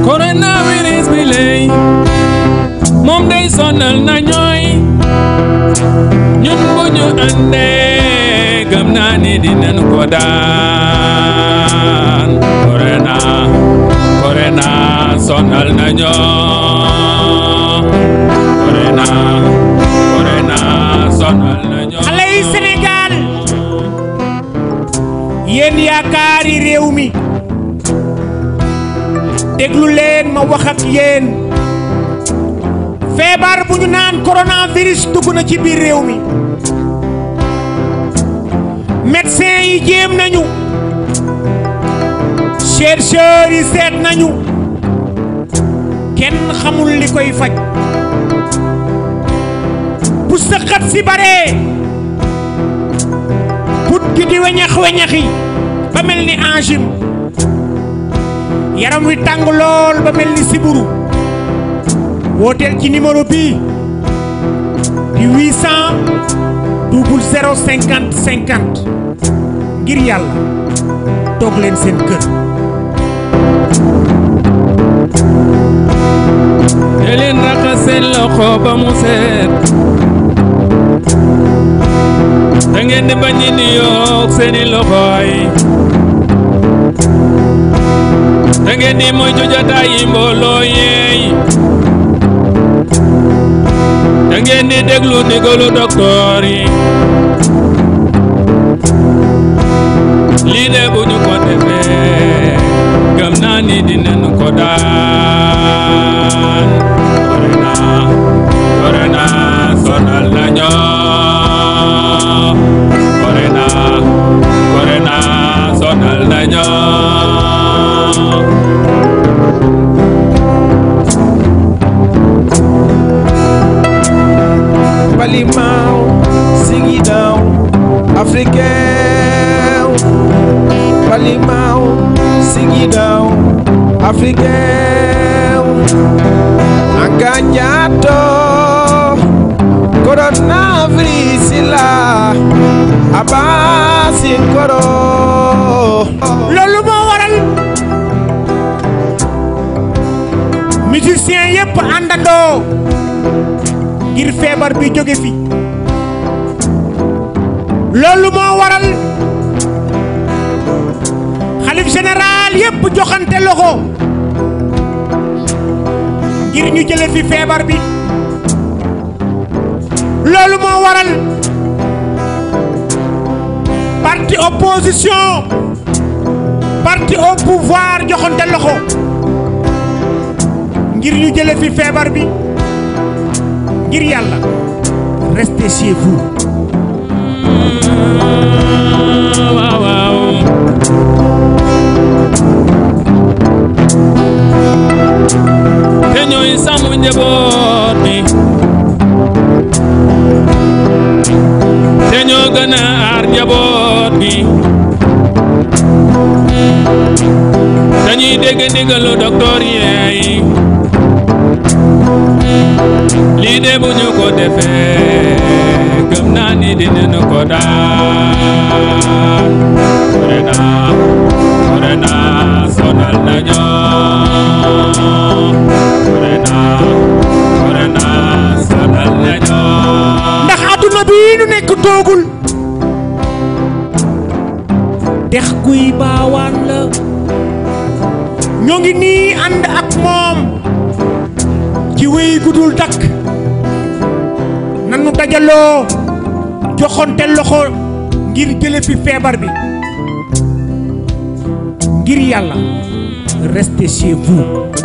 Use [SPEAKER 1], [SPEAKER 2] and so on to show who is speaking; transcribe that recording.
[SPEAKER 1] Coronavirus belay Monday sonal na ñooy ñun bu ñu àndee gëm naa ni dinañ ko daan corona corona sonal na ñooy xale
[SPEAKER 2] yi Sénégal yéen yaakaari réew mi déglu ma wax ak yéen feebar bu ñu naan coronavirus dugg na ci biir réew mi médecin yi jéem nañu chercheurs yi seet nañu kenn xamul li koy faj. bu sëqat si baree put gi di weñax weñaxi ba mel ni angim yaram wi tàng lool ba mel ni siburu wooteel ci numéro bii di 800 double 0 50 50 ngir yàlla
[SPEAKER 1] toog leen seen kër te leen raxas loxo ba mu seet da ngeen di bañ di yokk seeni loxoy da di moytu jotaay yi mbooloo yeey di déglu ndigalu doktoor yi lii de bu ñu ko defee gëm naa ni dinañu ko daal Palimão, seguidão, africão. Palimão, seguidão, africão. Acanhado, coronavírus lá, base coroa. loolu moo waral
[SPEAKER 2] musicien yépp àndandoo ngir feebar bi jóge fi waral xalif général yépp joxante loxo ngir ñu jële feebar bi loolu waral parti opposition parti au pouvoir joxante loxo ngir ñu jële fi feebar bi ngir yàlla restez chez
[SPEAKER 1] te ñooy sàmm njaboot bi. dañuy dégg ndigalu docteur yi lii de ko defee gëm naa ni dinañu ko daan corona corona sonal nañu corona corona sonal nañu
[SPEAKER 2] ndax adduna bi ñu nekk toogul ñoo ngi nii ànd ak moom ci wéy dakk nanu dajaloo joxonte loxo ngir jële feebar bi ngir yàlla restez chez